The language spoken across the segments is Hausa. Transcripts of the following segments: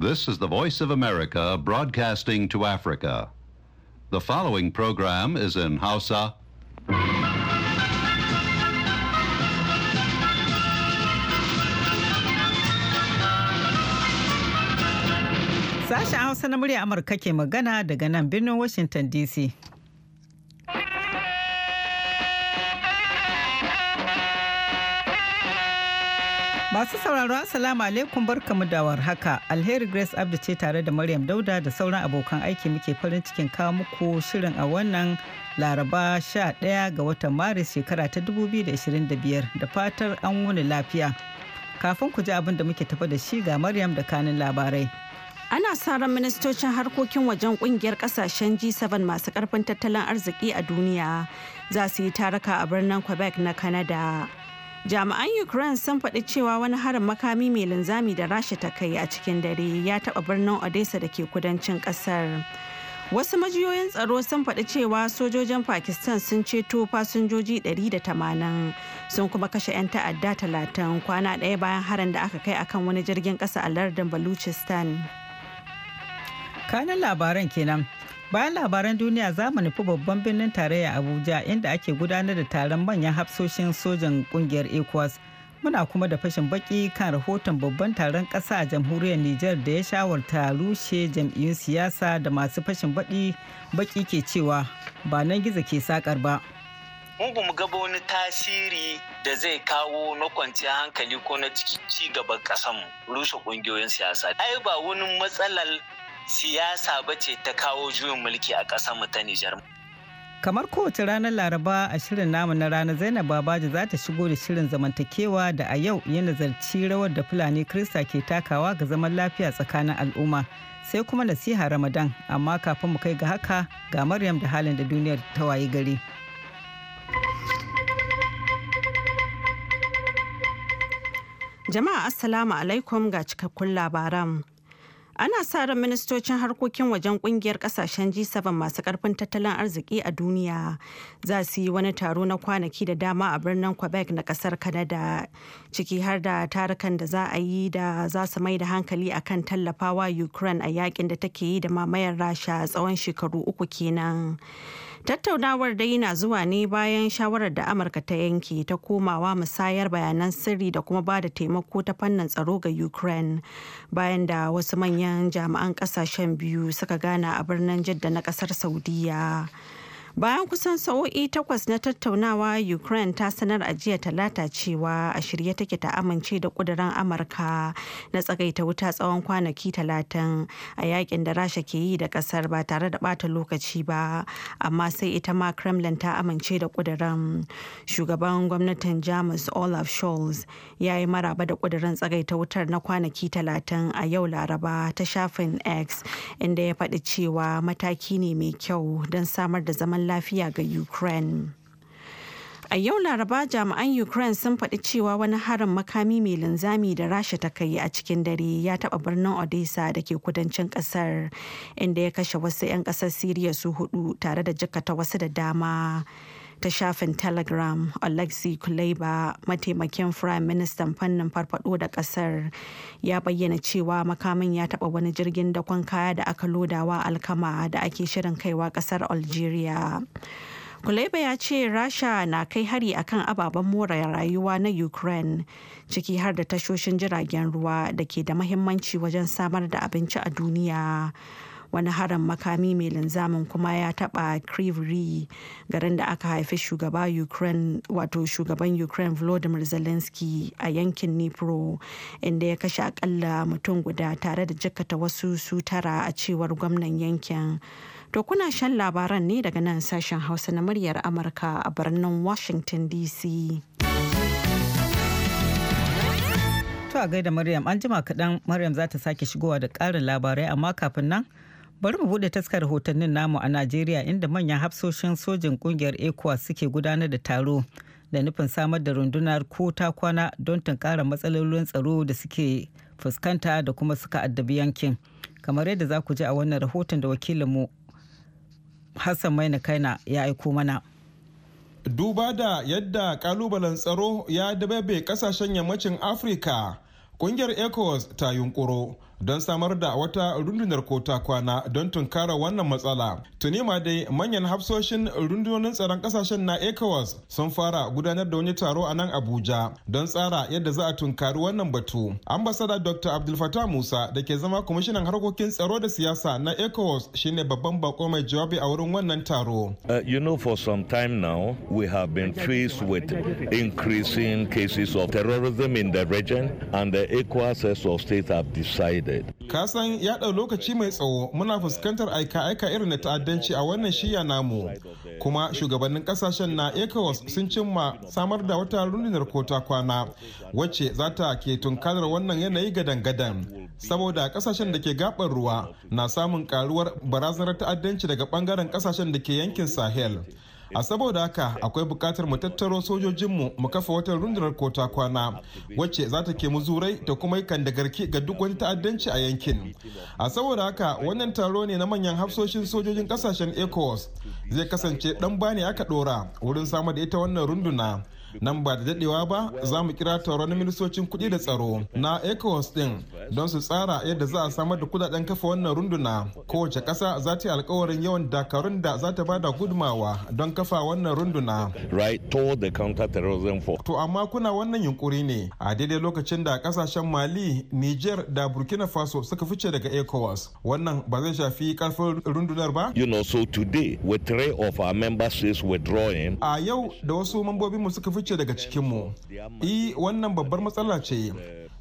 This is the Voice of America broadcasting to Africa. The following program is in Hausa. Sasha Hausa na murya Amurka ke magana daga nan birnin Washington DC. Masu sauraro Assalamu alaikum barkamu da haka Alheri Grace Abdu ce tare da Maryam Dauda da sauran abokan aiki muke farin cikin kawo muku shirin a wannan Laraba 11 ga watan Maris shekara ta 2025 da fatar an wuni lafiya. Kafin ku ji abin da muke tafa da shi ga Maryam da kanin labarai. Ana sa ran ministocin harkokin wajen kungiyar kasashen G7 masu karfin tattalin arziki a duniya za su yi taraka a birnin Quebec na Canada. jami'an ukraine sun faɗi cewa wani harin makami mai linzami da rasha ta kai a cikin dare ya taɓa birnin odessa da ke kudancin ƙasar wasu majiyoyin tsaro sun faɗi cewa sojojin pakistan sun ceto fasinjoji 180 sun kuma kashe 'yan ta'adda talatin kwana ɗaya bayan harin da aka kai akan wani jirgin ƙasa a lardin baluchistan kanan labaran kenan Bayan labaran duniya za mu nufi babban birnin tarayya Abuja inda ake gudanar da taron manyan hafsoshin sojan kungiyar ECOWAS. Muna kuma da fashin baki kan rahoton babban taron ƙasa a jamhuriyar niger da ya shawarta rushe jam'iyyun siyasa da masu fashin baki baki ke cewa ba nan gizo ke sakar ba. mu ba mu gaba wani tasiri da zai kawo na kwanciyar hankali ko na ci gaban kasan rushe ƙungiyoyin siyasa ai ba wani matsalar siyasa ba ce ta kawo juyin mulki a ƙasar mu ta Nijar. Kamar kowace ranar Laraba a shirin namu na ranar Zainab Babaji za ta shigo da shirin zamantakewa da a yau ya nazarci rawar da Fulani kirista ke takawa ga zaman lafiya tsakanin al'umma sai kuma nasiha Ramadan amma kafin mu kai ga haka ga Maryam da halin da duniyar ta wayi gari. Jama'a Assalamu alaikum ga cikakkun labaran. ana sa ran ministocin harkokin wajen kungiyar kasashen g7 masu karfin tattalin arziki a duniya za su yi wani taro na kwanaki da dama a birnin quebec na kasar canada ciki har da tarukan da za a yi da za su mai da hankali akan tallafawa ukraine a yakin da take yi da mamayar rasha tsawon shekaru uku kenan Tattaunawar dai na zuwa ne bayan shawarar da Amurka ta yanke ta komawa musayar bayanan sirri da kuma ba da taimako ta fannin tsaro ga Ukraine bayan da wasu manyan jami'an kasashen biyu suka gana a birnin Jidda na kasar Saudiya. bayan kusan sa'o'i takwas na tattaunawa ukraine ta sanar a jiya talata cewa a shirye take ta amince da kuduran amurka na tsagaita wuta tsawon kwanaki talatin a yakin da rasha ke yi da kasar ba tare da bata lokaci ba amma sai ita ma kremlin ta amince da kuduran shugaban gwamnatin jamus olaf scholz ya yi maraba da kuduran tsagaita wutar na kwanaki talatin a yau laraba ta shafin x inda ya faɗi cewa mataki ne mai kyau don samar da zaman lafiya ga Ukraine. A yau Laraba jami'an Ukraine sun faɗi cewa wani harin makami mai linzami da Rasha ta kai a cikin dare ya taɓa birnin Odessa da ke kudancin ƙasar inda ya kashe wasu 'yan ƙasar Syria su hudu tare da jikata wasu da dama. ta shafin telegram alexi kuleba mataimakin prime ministan fannin farfado da kasar ya bayyana cewa makamin ya taba wani jirgin dakon kaya da aka lodawa alkama da ake shirin kaiwa kasar algeria kuleba ya ce rasha na kai hari akan ababen more rayuwa na ukraine ciki har da tashoshin jiragen ruwa da ke da mahimmanci wajen samar da abinci a duniya wani harin makami mai linzamin kuma ya taɓa kriviri garin da aka haifi shugaba ukraine wato shugaban ukraine volodymyr zelensky a yankin nipro inda ya kashe akalla mutum guda tare da jikata wasu sutara a cewar gwamnan yankin to kuna shan labaran ne daga nan sashen hausa na muryar amurka a birnin washington dc To a gaida Maryam an jima kaɗan Maryam za ta sake shigowa da ƙarin labarai amma kafin nan bari mu bude taskar rahotannin namu a najeriya inda manyan hafsoshin sojin kungiyar ecowas suke gudanar da taro da nufin samar da rundunar ko ta kwana don tunkara matsalolin tsaro da suke fuskanta da kuma suka addabi yankin kamar yadda za ku ji a wannan rahoton da wakilinmu hassan maina kaina ya aiko mana duba da yadda kalubalen tsaro ya dababe kasashen yammacin afirka kungiyar ecowas ta yunkuro don samar da wata rundunar kota kwana don tunkara wannan matsala. Tuni ma dai manyan hafsoshin rundunonin tsaron kasashen na ECOWAS sun fara gudanar da wani taro a nan Abuja don tsara yadda za a tunkari wannan batu. Ambasada Dr. Abdul Fattah Musa da ke zama kwamishinan harkokin tsaro da siyasa na ECOWAS shine babban bako mai jawabi a wurin wannan taro. Uh, you know for some time now we have been faced with increasing cases of terrorism in the region and the ECOWAS of state have decided Ka san ya ɗau lokaci mai tsawo muna fuskantar aika-aika irin na ta'addanci a wannan shiya namu. Kuma shugabannin kasashen na ECOWAS sun cimma samar da wata rundunar kota kwana wacce za ta ke tunkarar wannan yanayi gadan-gadan. Saboda kasashen da ke gabar ruwa na samun karuwar barazanar ta'addanci daga ɓangaren kasashen da ke yankin Sahel. a saboda haka akwai bukatar mu tattaro sojojinmu mu kafa wata rundunar kota kwana wacce za ta ke mu zurai ta kuma yi kandagarki ga duk wani ta'addanci a yankin a saboda haka wannan taro ne na manyan hafsoshin sojojin kasashen ecowas zai kasance dan bani aka dora wurin samar da ita wannan runduna nan ba da dadewa ba za mu kira taron ministocin kuɗi da tsaro na ecowas din don su tsara yadda za a samar da kudaden kafa wannan runduna kowace ƙasa za ta yi alkawarin yawan dakarun da za ta bada gudumawa don kafa wannan runduna to amma kuna wannan yunkuri ne a daidai lokacin da kasashen mali niger da burkina faso suka fice daga ecowas wannan ba zai shafi karfin rundunar ba you know so today with three of our member states withdrawing a yau da wasu mambobinmu suka fice fice daga cikinmu i e, wannan babbar matsala ce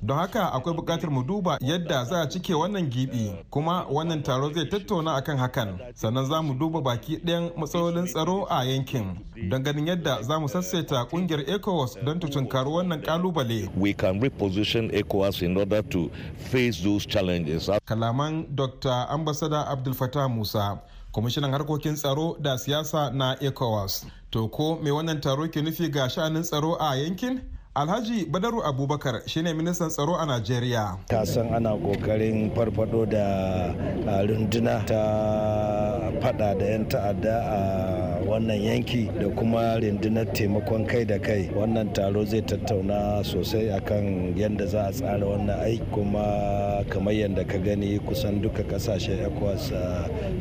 don haka akwai buƙatar mu duba yadda za a cike wannan gibi kuma wannan taro zai tattauna akan hakan sannan za mu duba baki ɗayan matsalolin tsaro a yankin don ganin yadda za mu sassaita kungiyar ecowas don ta tunkari wannan kalubale we can reposition ecowas in order to face those challenges kalaman dr ambassador abdul fattah musa kwamishinan harkokin tsaro da siyasa na ecowas to ko mai wannan taro ke nufi ga sha'anin tsaro a yankin alhaji badaru abubakar shine ministan tsaro a najeriya ta san ana kokarin farfado da runduna ta fada da 'yan ta'adda a wannan yanki da kuma rundunar taimakon kai da kai wannan taro zai tattauna sosai akan yadda za a tsara wannan aiki kuma kamar yadda ka gani kusan duka kasashen ecowas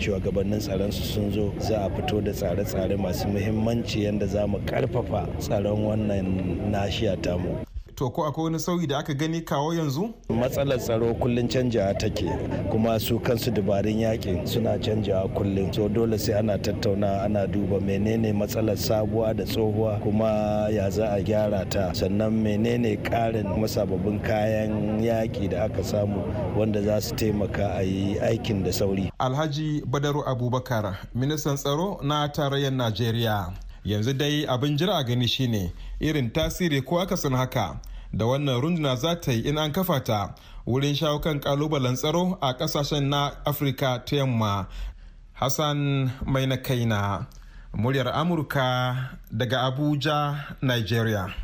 shugabannin tsaron su sun zo za a fito da tsare-tsare masu muhimmanci yadda za mu karfafa tsaron wannan nashiya tamu to ko akwai wani sauyi da aka gani kawo yanzu matsalar tsaro kullum canjawa take kuma su kansu dabarun yakin suna canjawa kullum to dole sai ana tattauna ana duba menene matsalar sabuwa da tsohuwa kuma ya za a gyara ta sannan menene ƙarin masababin kayan yaƙi da aka samu wanda za su taimaka a yi aikin da sauri alhaji badaru abubakar ministan tsaro na tarayyar najeriya yanzu dai abin jira a gani shine irin tasiri ko akasin haka da wannan runduna za ta yi in an kafa ta wurin shawo kan kalubalen tsaro a kasashen na afirka ta yamma hassan mai na kaina muryar amurka daga abuja nigeria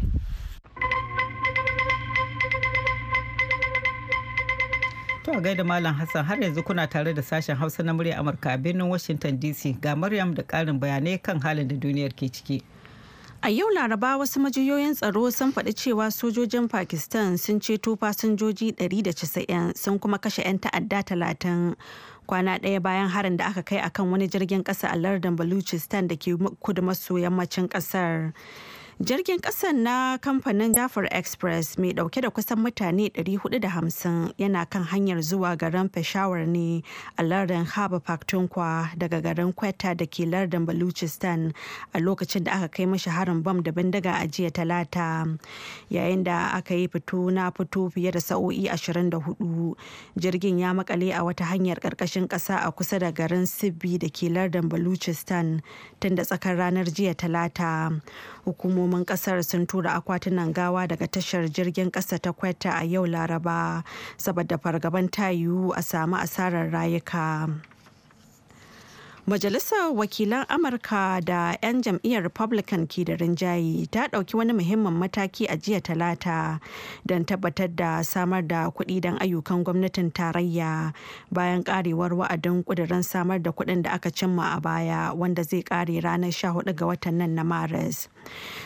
To gaida Malam Hassan har yanzu kuna tare da sashen Hausa na murya Amurka a birnin Washington DC ga Maryam da ƙarin bayanai kan halin da duniyar ke ciki. A yau Laraba wasu majiyoyin tsaro sun faɗi cewa sojojin Pakistan sun ceto fasinjoji 190 sun kuma kashe 'yan ta'adda 30 kwana ɗaya bayan harin da aka kai akan wani jirgin ƙasa a lardin Baluchistan da ke kudu maso yammacin ƙasar. Jirgin ƙasa na kamfanin Jafar Express mai ɗauke da kusan mutane 450 yana kan hanyar zuwa garin Peshawar ne a lardin Haba Pakhtunkhwa daga garin Quetta da ke lardin Baluchistan a lokacin da aka kai mashi harin bam da bindiga a jiya talata. Yayin da aka yi fito na fito fiye da sa'o'i 24 jirgin ya makale a wata hanyar ƙarƙashin ƙasa a kusa da garin Sibbi da ke lardin Baluchistan tun da tsakar ranar jiya talata. Hukumomi hukumomin kasar sun tura akwatunan gawa daga tashar jirgin kasa ta kwata a yau laraba saboda fargaban yiwu a samu asarar rayuka. Majalisar Wakilan Amurka da 'yan jam'iyyar Republican ke da rinjaye ta ɗauki wani muhimmin mataki a jiya talata don tabbatar da samar da kuɗi don ayyukan gwamnatin tarayya bayan ƙarewar wa'adin ƙudurin samar da kuɗin da aka cimma a baya wanda zai ƙare ranar 14 ga watan nan na Maris.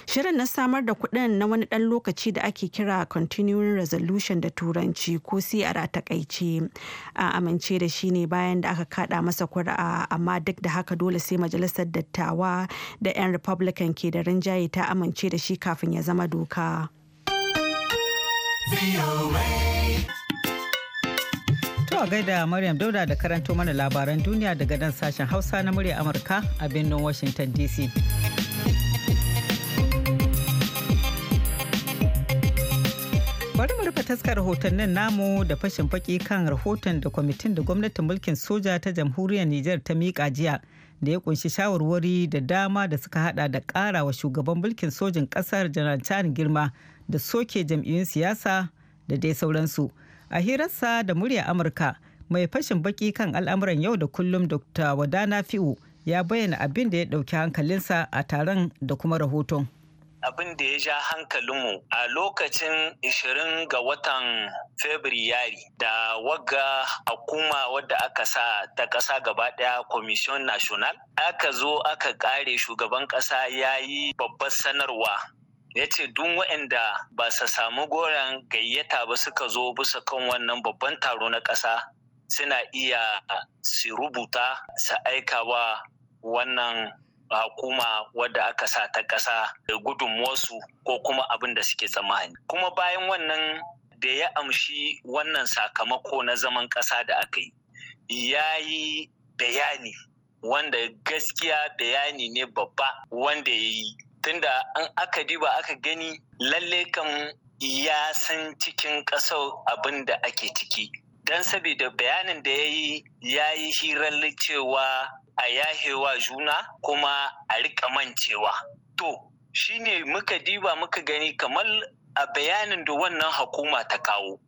Shirin na samar da kuɗin na wani ɗan lokaci da ake kira Continuing Resolution da Turanci ko CR a takaice. A amince da shi ne bayan da aka kada masa kuri'a amma duk da haka dole sai majalisar dattawa da 'yan Republican ke da rinjaye ta amince da shi kafin ya zama doka. To gaida Maryam Dauda da karanto mana labaran duniya daga nan sashen Hausa na murya Amurka a birnin Washington DC. bari mu rufe taskar rahotannin namu da fashin baki kan rahoton da kwamitin da gwamnatin mulkin soja ta jamhuriyar Nijar ta miƙa jiya da ya kunshi shawarwari da dama da suka hada da ƙara wa shugaban mulkin sojin ƙasar janar Chani girma da soke jam'iyyun siyasa da dai sauransu. A hirarsa da murya Amurka mai fashin baki kan al'amuran yau da kullum Dr. Wadana Fi'u ya bayyana abin da ya ɗauki hankalinsa a taron da kuma rahoton. abin da ya ja hankalinmu a lokacin 20 ga watan Fabrairu da wagga hukuma wadda aka sa ta ƙasa gaba ɗaya Commission National aka zo aka ƙare shugaban ƙasa ya yi babbar sanarwa ya ce duk waɗanda ba su samu goron gayyata ba suka zo bisa kan wannan babban taro na ƙasa suna iya su rubuta su aika wa wannan hukuma wadda aka sa ta ƙasa da gudunmuwarsu ko kuma abin da suke tsammani. Kuma bayan wannan da ya amshi wannan sakamako na zaman ƙasa da aka yi, ya yi bayani wanda gaskiya bayani ne babba wanda ya yi. Tunda an aka diba aka gani lalle kan ya san cikin ƙasar abin da ake ciki. Don saboda bayanin da ya yi ya yi hirar cewa a yahewa juna kuma a rika mancewa to shi ne muka diba muka gani kamar a bayanin da wannan hukuma ta kawo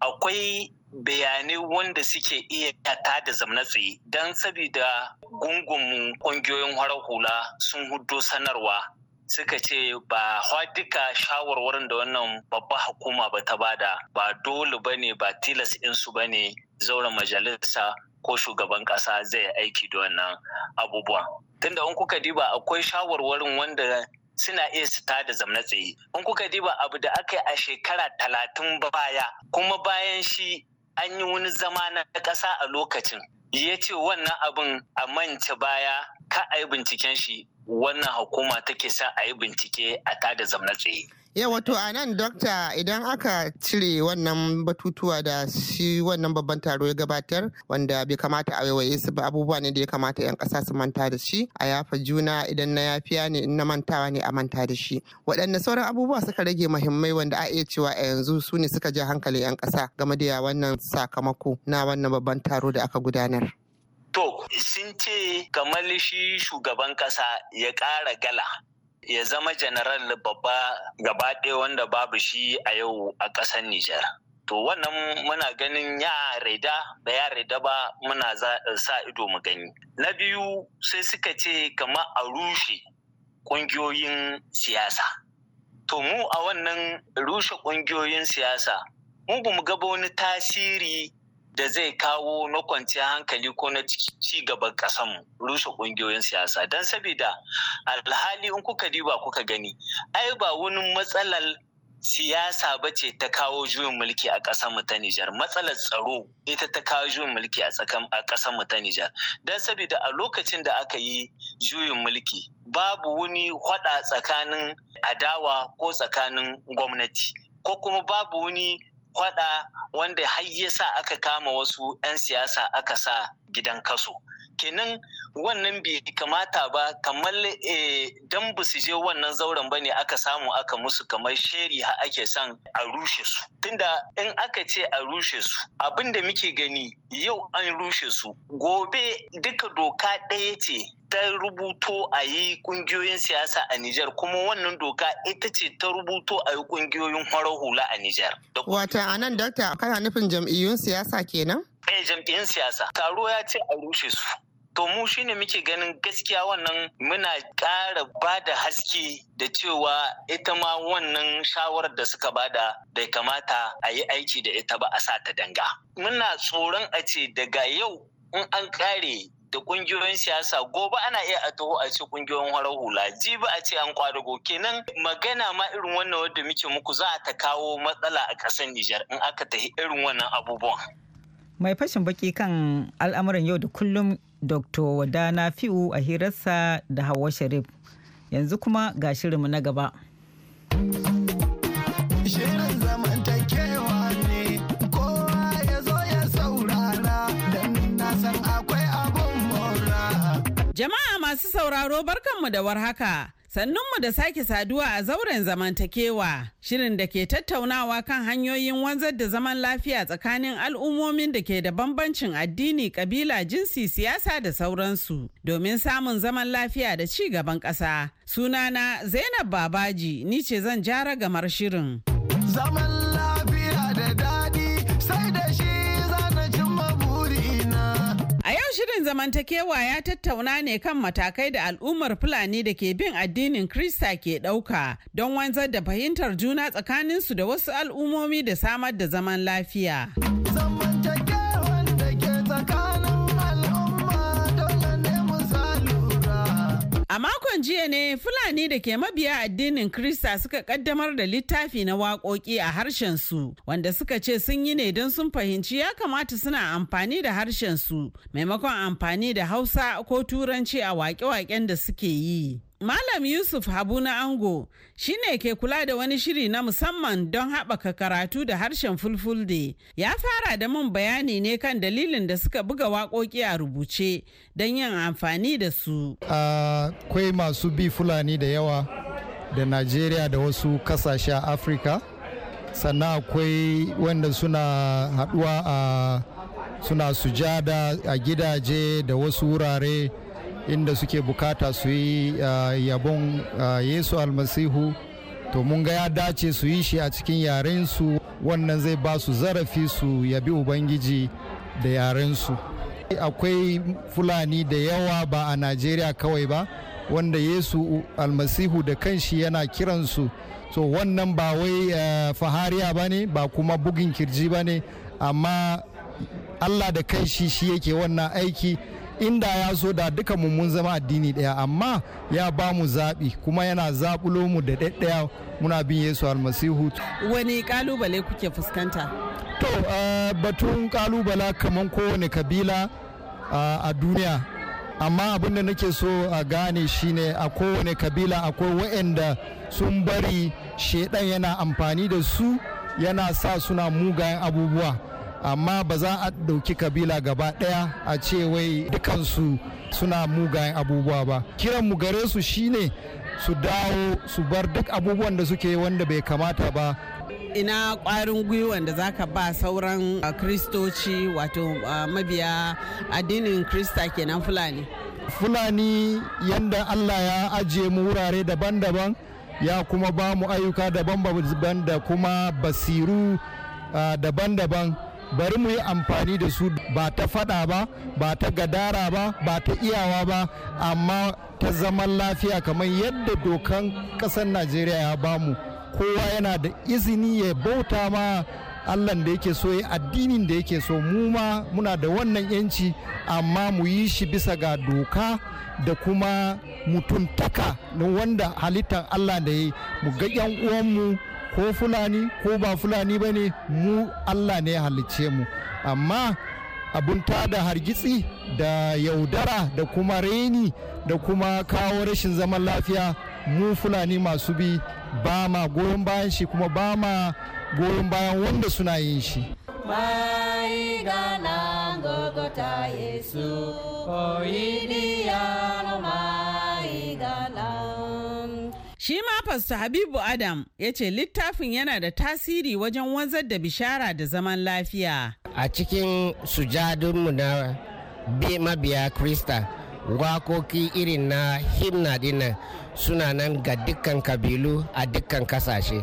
akwai bayanai wanda suke iya ta da zamna tsaye don sabida gungunmu ƙungiyoyin horar hula sun hudo sanarwa suka ce ba duka shawarwarin da wannan babba hukuma ba ta bada ba dole ba ne ba tilas insu ba ne zauren majalisa ko shugaban ƙasa zai aiki da wannan abubuwan tunda in kuka diba akwai shawarwarin wanda suna iya su ta da zamna tsaye in kuka diba abu da aka yi a shekara talatin baya kuma bayan shi an yi wani zama na ƙasa a lokacin ya ce wannan abin a manta baya ka a yi binciken shi wannan hukuma take sa a yi bincike a tada zamna tsaye ya wato a nan dokta idan aka cire wannan batutuwa da shi wannan babban taro ya gabatar wanda bai kamata a waiwaye su ba abubuwa ne da ya kamata 'yan kasa su manta da shi a yafa juna idan na yafiya ne in na mantawa ne a manta da shi waɗanne sauran abubuwa suka rage muhimmai wanda a iya cewa a yanzu su ne suka ja hankali 'yan kasa game da wannan sakamako na wannan babban taro da aka gudanar. To, sun ce kamar shi shugaban ƙasa ya ƙara gala ya zama general babba gaba ɗaya wanda babu shi a yau a ƙasar Nijar. To wannan muna ganin ya raida da ya raida ba muna sa ido mu gani. Na biyu sai suka ce kama a rushe ƙungiyoyin siyasa. To mu a wannan rushe ƙungiyoyin siyasa, mu bamu gaba wani tasiri da zai kawo na kwanciyar hankali ko na ci gaban ƙasan rushe ƙungiyoyin siyasa don sabida alhali in kuka diba kuka gani ai ba wani matsalar siyasa ba ce ta kawo juyin mulki a ƙasar mu ta Nijar matsalar tsaro ita ta kawo juyin mulki a tsakan a ƙasar ta Nijar Don saboda a lokacin da aka yi juyin mulki babu wani hwada tsakanin adawa ko tsakanin gwamnati ko kuma babu wani Kwaɗa wanda har ya sa aka kama wasu 'yan siyasa aka sa gidan kaso kenan wannan bai kamata ba kamar eh, don ba su je wannan zauren ba ne aka samu aka musu kamar sheri ha ake son a rushe su tunda in aka ce a rushe su abin da muke gani yau an rushe su gobe duka doka ɗaya ce ta rubuto a yi kungiyoyin siyasa a Nijar kuma wannan doka ita ce ta rubuto a yi kungiyoyin horar hula a Nijar. Wata anan dokta kana nufin jam'iyyun siyasa kenan? Eh jam'iyyun siyasa. Taro ya ce a rushe su. To mu shine muke ganin gaskiya wannan muna ƙara ba da haske da cewa ita ma wannan shawarar da suka bada bai kamata a yi aiki da ita ba a sa ta danga. Muna tsoron a ce daga yau in an ƙare da kungiyoyin siyasa gobe ana iya a taho a ce kungiyoyin harar hula jibi a ce an kwadago kenan magana ma irin wannan wadda muke muku za ta kawo matsala a ƙasar Nijar in aka tafi irin wannan abubuwan. mai fashin baki kan al'amuran yau da kullum dr wadana fi'u a hirarsa da hawa sharif yanzu kuma ga shirinmu na gaba. masu sauraro barkanmu da warhaka. Sannunmu da sake saduwa a zauren zamantakewa, shirin da ke tattaunawa kan hanyoyin wanzar da zaman lafiya tsakanin al'ummomin da ke da bambancin addini, kabila, jinsi, siyasa da sauransu, domin samun zaman lafiya da ci gaban ƙasa. Sunana Zainab Babaji, ni ce zan jara gamar shirin. Zaman shirin zamantakewa ya tattauna ne kan matakai da al'ummar Fulani da ke bin addinin Krista ke ɗauka don wanzar da fahimtar juna tsakaninsu da wasu al'ummomi da samar da zaman lafiya. Zama. makon jiya ne Fulani da ke mabiya addinin Krista suka kaddamar da littafi na waƙoƙi a harshen su wanda suka ce sun yi ne don sun fahimci ya kamata suna amfani da harshensu maimakon amfani da Hausa ko Turanci a waƙe-waƙen da suke yi. Malam Yusuf Habu na Ango shi ne ke kula da wani shiri na musamman don haɓaka karatu da harshen fulfulde. Ya fara da mun bayani ne kan dalilin da suka buga waƙoƙi a rubuce don yin amfani da su. Akwai uh, masu bi Fulani da yawa da Najeriya da wasu kasashe a Afirka. Sannan akwai wanda suna haɗuwa a suna sujada a gidaje da wasu wurare. inda suke bukata su yi ah, yabon ah, yesu almasihu to mun ga ya dace su yi shi a cikin yarensu wannan zai ba su zarafi su yabi ubangiji da yarensu akwai fulani da yawa ba a najeriya kawai ba wanda yesu almasihu da kanshi yana kiransu so wannan ba wai ah, fahariya ba ne ba kuma bugin kirji ba ne amma allah da kanshi shi yake wannan aiki inda ya zo da duka mun zama addini daya amma ya ba mu zaɓi kuma yana zaɓulo mu da ɗaya muna bin yesu almasihu wani kalubale kuke fuskanta to batun kalubala kamar kowane kabila a duniya amma abin da nake so a gane shine a kowane kabila akwai waɗanda sun bari shedan yana amfani da su yana sa suna mugayen abubuwa amma ba za a ɗauki kabila gaba ɗaya a ce wai dukansu suna mugayen abubuwa ba kiran mu gare su shine su dawo su bar duk abubuwan da suke wanda bai kamata ba ina kwarin gwiwan da zaka ba sauran uh, kristoci wato uh, mabiya addinin krista kenan fulani fulani yadda allah ya ajiye mu wurare daban-daban ya kuma ba mu ayyuka daban-daban da kuma basiru uh, daban-daban bari mu yi amfani da su ba ta fada ba ba ta gadara ba ba ta iyawa ba amma ta zaman lafiya kamar yadda dokan kasar najeriya ya bamu kowa yana da izini ya bauta ma allah da yake so ya addinin da yake so mu ma muna da wannan yanci amma mu yi shi bisa ga doka da kuma mutuntaka na wanda halittar allah da ya yi mu ga 'yan uwanmu ko fulani ko ba fulani ba ne mu allah ne ya halicce mu amma abun da hargitsi da yaudara da kuma reni da kuma kawo rashin zaman lafiya mu fulani masu bi ba ma goyon bayan shi kuma ba ma goyon bayan wanda suna yin shi mai gana gogota yesu koyi Pastor Habibu Adam ya ce littafin yana da tasiri wajen wanzar da bishara da zaman lafiya. A cikin sujadunmu na mabiya Krista, wakoki irin na himna dinnan suna nan ga dukkan kabilu a dukkan kasashe.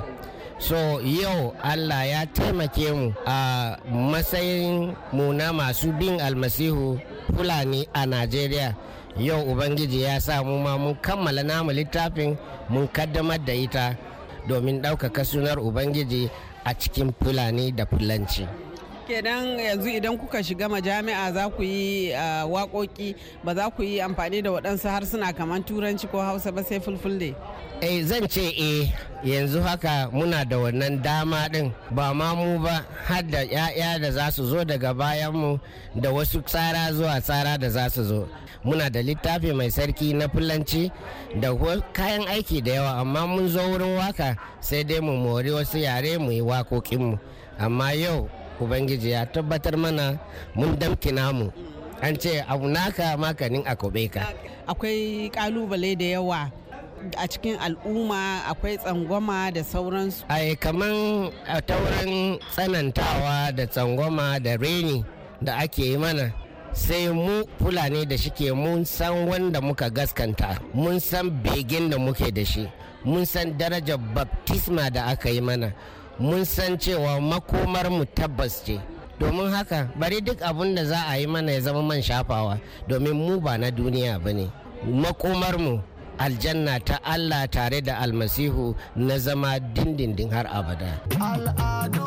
so yau allah ya taimake mu a matsayin mu na masu bin almasihu fulani a najeriya yau ubangiji ya sa mu ma mun kammala namu littafin mun kaddamar da ita domin ɗaukaka sunar ubangiji a cikin fulani da fulanci. kenan yanzu idan kuka shiga majami'a za ku yi ah, waƙoƙi ba za ku yi amfani da waɗansu harsuna kamar turanci ko hausa ba sai fulfulde eh zan ce eh yanzu haka muna da wannan dama ɗin ba ma mu ba har da 'ya'ya da za su zo daga bayan mu da wasu tsara zuwa tsara da za su zo muna da littafi mai sarki na fulanci da kayan aiki da yawa amma mun zo wurin waka sai dai mu mori wasu yare mu yi waƙoƙinmu amma yau ubangiji ya tabbatar mana mun damki namu an ce abu naka makanin a ka akwai kalubale da yawa a cikin al'umma akwai tsangwama da sauransu ai kaman a taurin tsanantawa da tsangwama da reni da ake yi mana sai mu fulani da shike mun san wanda muka gaskanta mun san begin da muke da shi mun san darajar baptisma da aka yi mana mun san cewa makomar mu tabbas ce domin haka bari duk abin da za a yi mana ya zama man shafawa domin mu ba na duniya ba ne makomarmu aljanna ta Allah tare da almasihu na zama dindindin har abada al'adu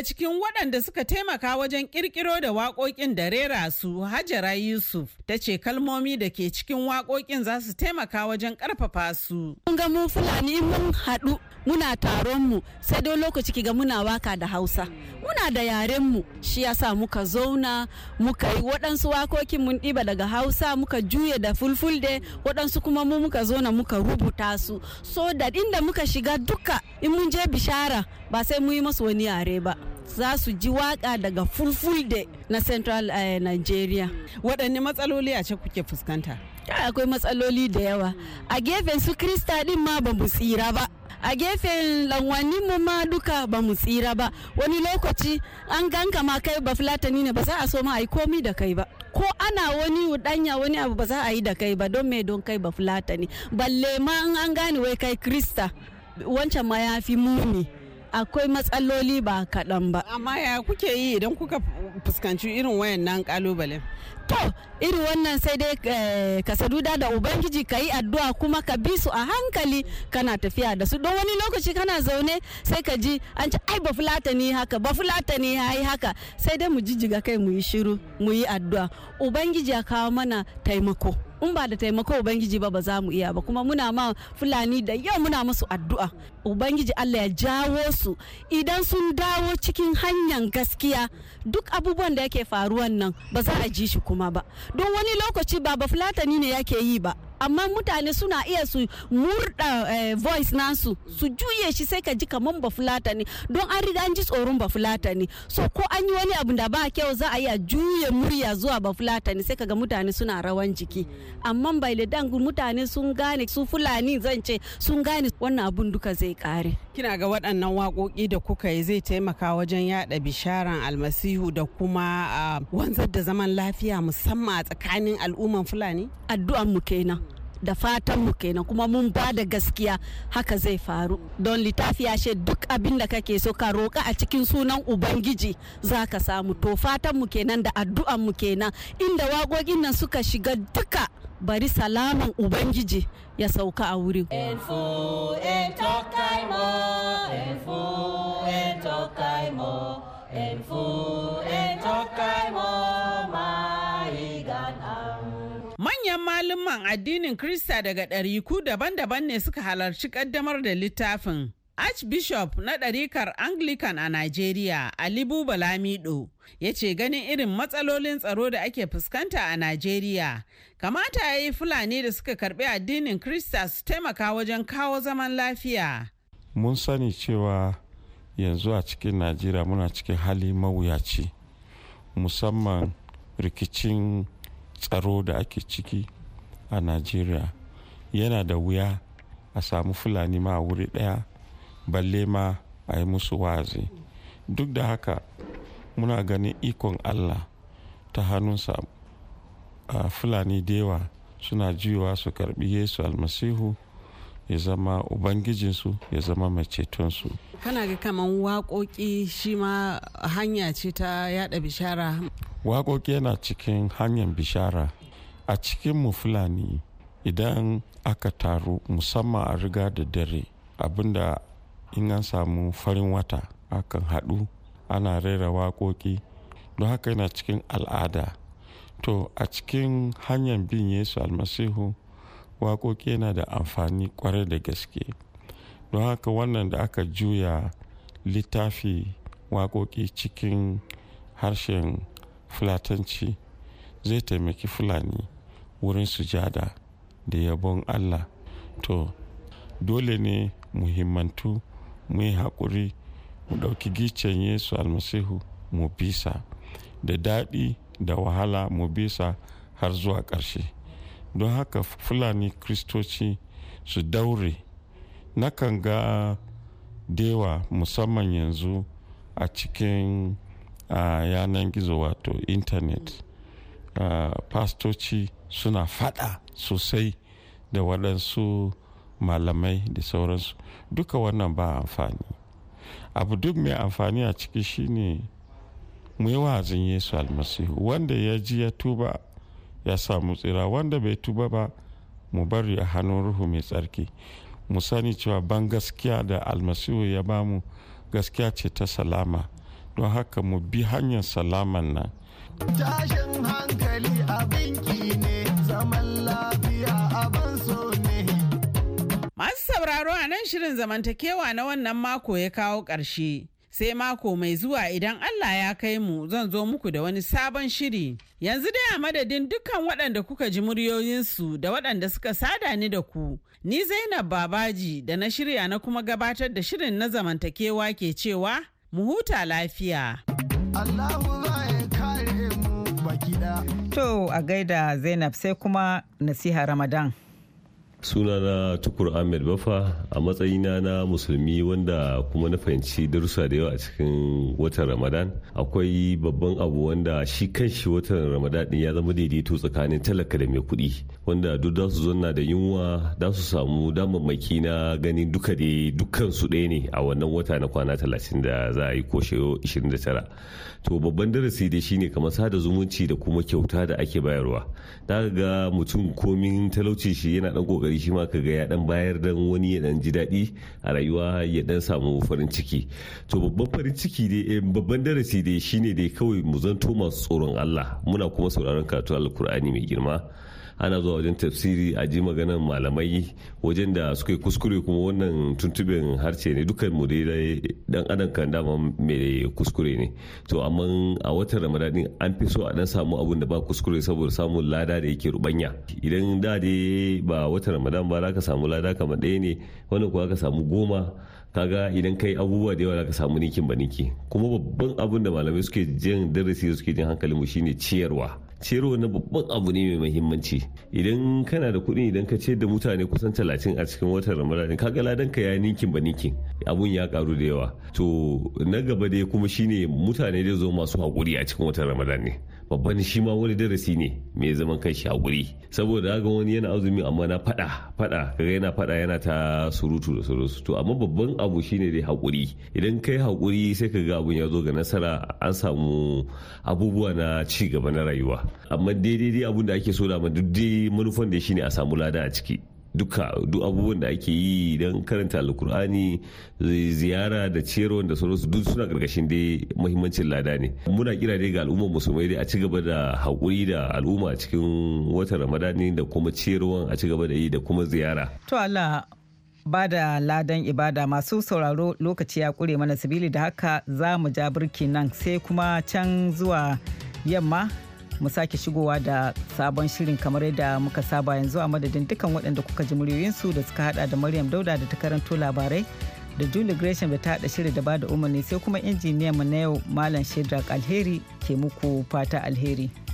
daga cikin waɗanda suka taimaka wajen ƙirƙiro da waƙoƙin da rera su Hajara Yusuf ta ce kalmomi da ke cikin waƙoƙin za su taimaka wajen ƙarfafa su. Mun ga mun Fulani mun haɗu muna taron mu sai dai lokaci ki ga muna waka da Hausa. Muna da yaren mu shi yasa muka zauna muka yi waɗansu wakokin mun ɗiba daga Hausa muka juya da fulfulde waɗansu kuma mu muka zauna muka rubuta su so da inda muka shiga duka in mun je bishara ba sai mu yi masu wani yare ba. za su ji waka daga fulfulde na central uh, nigeria waɗanne matsaloli a ce kuke fuskanta akwai matsaloli da yawa a gefen su krista din ma ba mu tsira ba a gefen lanwani mu ma duka ba mu tsira ba wani lokaci an ganka ma kai ba fulatani ne ba za a so ma a yi komi da kai ba ko ana wani udanya wani abu ba za a yi da kai ba don me don kai ba fulatani balle ma an gane wai kai krista wancan ma ya fi muni akwai matsaloli ba kaɗan ba amma ya kuke yi idan kuka fuskanci irin wayan nan kalubale. to irin wannan sai dai eh, ka saduda da ubangiji ka yi addu'a kuma ka bi su a hankali kana tafiya da su don wani lokaci kana zaune sai ka ji an ci ai ba fulatani haka ba fulata ni yayi haka sai dai mu jijjiga kai mu yi shiru mu yi addu'a ubangiji ya kawo mana taimako in ba da taimako ubangiji ba ba za mu iya ba kuma muna ma fulani da yau muna musu addu'a ubangiji allah ya jawo su idan sun dawo cikin hanyar gaskiya duk abubuwan da yake faruwan nan ba za a ji shi kuma ba don wani lokaci ba ba fulatani ne yake yi ba amma mutane suna iya su murda eh, voice nasu su juye shi sai ka ji kaman ba fulata ne don an riga an ji tsoron ba fulata ne so ko an yi wani abu da ba kyau za a iya juye murya zuwa ba fulata ne sai ka ga mutane suna rawan jiki amma bai da mutane sun gane su fulani zan ce sun gane wannan abun duka zai kare kina ga waɗannan waƙoƙi da kuka yi zai taimaka wajen yaɗa bisharan almasihu da kuma ah, wanzar da zaman lafiya musamman a tsakanin al'umman fulani addu'an mu kenan da fatan mu kenan kuma mun ba da gaskiya haka zai faru don littafi ya ce duk abin da kake so ka roƙa a cikin sunan ubangiji za ka samu to fatan mu kenan da addu'an mu kenan inda wagogin nan suka shiga duka bari salaman ubangiji ya sauka a wurin Manyan malaman addinin Krista daga ɗariku daban-daban ne suka halarci ƙaddamar da littafin. Archbishop na ɗarikar Anglican a Najeriya, Alibu Balamido, ya ce ganin irin matsalolin tsaro da ake fuskanta a Najeriya, kamata ya yi Fulani da suka karɓi addinin Krista su taimaka wajen kawo zaman lafiya. Mun sani cewa yanzu a cikin Najeriya muna cikin hali mawuyaci, musamman rikicin tsaro da ake ciki a najeriya yana da wuya a samu fulani ma a wuri ɗaya balle ma a yi musu wazi duk da haka muna ganin ikon allah ta hannunsa a fulani dewa suna jiwa su karbi yesu almasihu ya zama ubangijinsu ya zama mai cetonsu kana ga kaman waƙoƙi shi ma hanya ce ta yada bishara waƙoƙi yana cikin hanyar bishara a cikin mu fulani idan aka taru musamman a riga da dare abinda in an samu farin wata akan haɗu ana rera waƙoƙi don haka yana cikin al'ada to a cikin hanyar bin yesu almasihu waƙoƙi yana da amfani ƙwarai da gaske don haka wannan da aka juya littafi waƙoƙi cikin harshen fulatanci zai taimaki fulani wurin sujada da yabon allah to dole ne muhimmantu mu yi haƙuri mu ɗauki gicen yesu almasihu mu bisa da daɗi da wahala mu bisa har zuwa ƙarshe. don haka fulani kristoci su daure nakan ga dewa musamman yanzu a cikin a yanar gizo wato intanet pastoci suna fada sosai da waɗansu malamai da sauransu duka wannan ba amfani abu duk mai amfani a ciki shine mu yi wa'azin yesu almasihu wanda ya ji ya tuba ya samu tsira wanda bai tuba ba mu bari a hannun ruhu mai tsarki mu sani cewa ban gaskiya da almasihu ya bamu gaskiya ce ta salama don haka mu bi hanyar salaman nan tashin hankali abin ki ne zaman lafiya abin so ne masu sauraro a nan shirin zamantakewa na wannan mako ya kawo ƙarshe sai mako mai zuwa idan Allah ya kai mu zan zo muku da wani sabon shiri. Yanzu dai a madadin dukkan waɗanda kuka ji muryoyinsu da waɗanda suka sada ni da ku, ni Zainab Babaji da na shirya na kuma gabatar da shirin na zamantakewa ke cewa mu huta lafiya. Allahu kare mu baki To a gaida Zainab sai kuma nasiha Ramadan. sunana tukur ahmed bafa a matsayina na musulmi wanda kuma na fahimci darussa da yawa a cikin watan ramadan akwai babban abu wanda shi kanshi watan ramadan din ya zama daidaito tsakanin talaka da mai kuɗi wanda duk da su zonna da yunwa da su samu damammaki na ganin duka da dukkan su ɗaya ne a wannan wata na kwana 30 da za a yi ko 29 to babban darasi dai shine kamar sada zumunci da kuma kyauta da ake bayarwa da ga mutum komin talauci shi yana dan kokari shi ma kaga ya dan bayar dan wani ya dan ji daɗi a rayuwa ya dan samu farin ciki to babban farin ciki dai eh, babban darasi dai shine dai kawai mu zanto masu tsoron Allah muna kuma sauraron karatu alkur'ani mai girma ana zuwa wajen tafsiri a ji maganan malamai wajen da suka kuskure kuma wannan tuntubin harce ne dukkan mu dai dan adam kan dama mai kuskure ne to amma a watan ramadanin an fi so a dan samu abun da ba kuskure saboda samun lada da yake rubanya idan da dai ba watan ramadan ba za ka samu lada kamar ɗaya ne wannan kuwa ka samu goma kaga idan kai abubuwa da yawa za ka samu nikin ba niki kuma babban abun da malamai suke jin darasi suke jin hankalin mu shine ciyarwa cero na babban abu ne mai mahimmanci idan kana da kuɗi idan ka ce da mutane kusan talatin a cikin watan ramadan ka ga ladan ka ya ninkin ba ninkin abun ya karu da yawa to na gaba dai kuma shine mutane da zo masu haƙuri a cikin watan ramadan ne babban shi ma wani darasi ne mai zaman shi a guri saboda ga wani yana azumi amma na fada fada kaga yana fada yana ta surutu da surutu to amma babban abu shine dai hakuri idan kai hakuri sai ka ga abun ya zo ga nasara an samu abubuwa na ci gaba na rayuwa amma daidai abun da ake so da duk dai manufan da shine a samu lada a ciki duka duk abubuwan da ake yi don karanta alkur'ani ziyara da ciyarwa da sauransu duk suna karkashin dai mahimmancin lada ne muna kira dai ga al'ummar musulmai dai a ci gaba da haƙuri da al'umma a cikin watan ramadani da kuma ciyarwan a ci gaba da yi da kuma ziyara to Allah ba da ladan ibada masu sauraro lokaci ya kure mana sabili da haka za mu ja birki nan sai kuma can zuwa yamma mu sake shigowa da sabon shirin kamar yadda muka saba yanzu a madadin dukkan waɗanda kuka ji muryoyinsu da suka hada da maryam dauda da ta karanto labarai da julie gresham da ta hada shirin da ba da umarni sai kuma injiniyan mu na yau malam shedrak alheri ke muku fata alheri.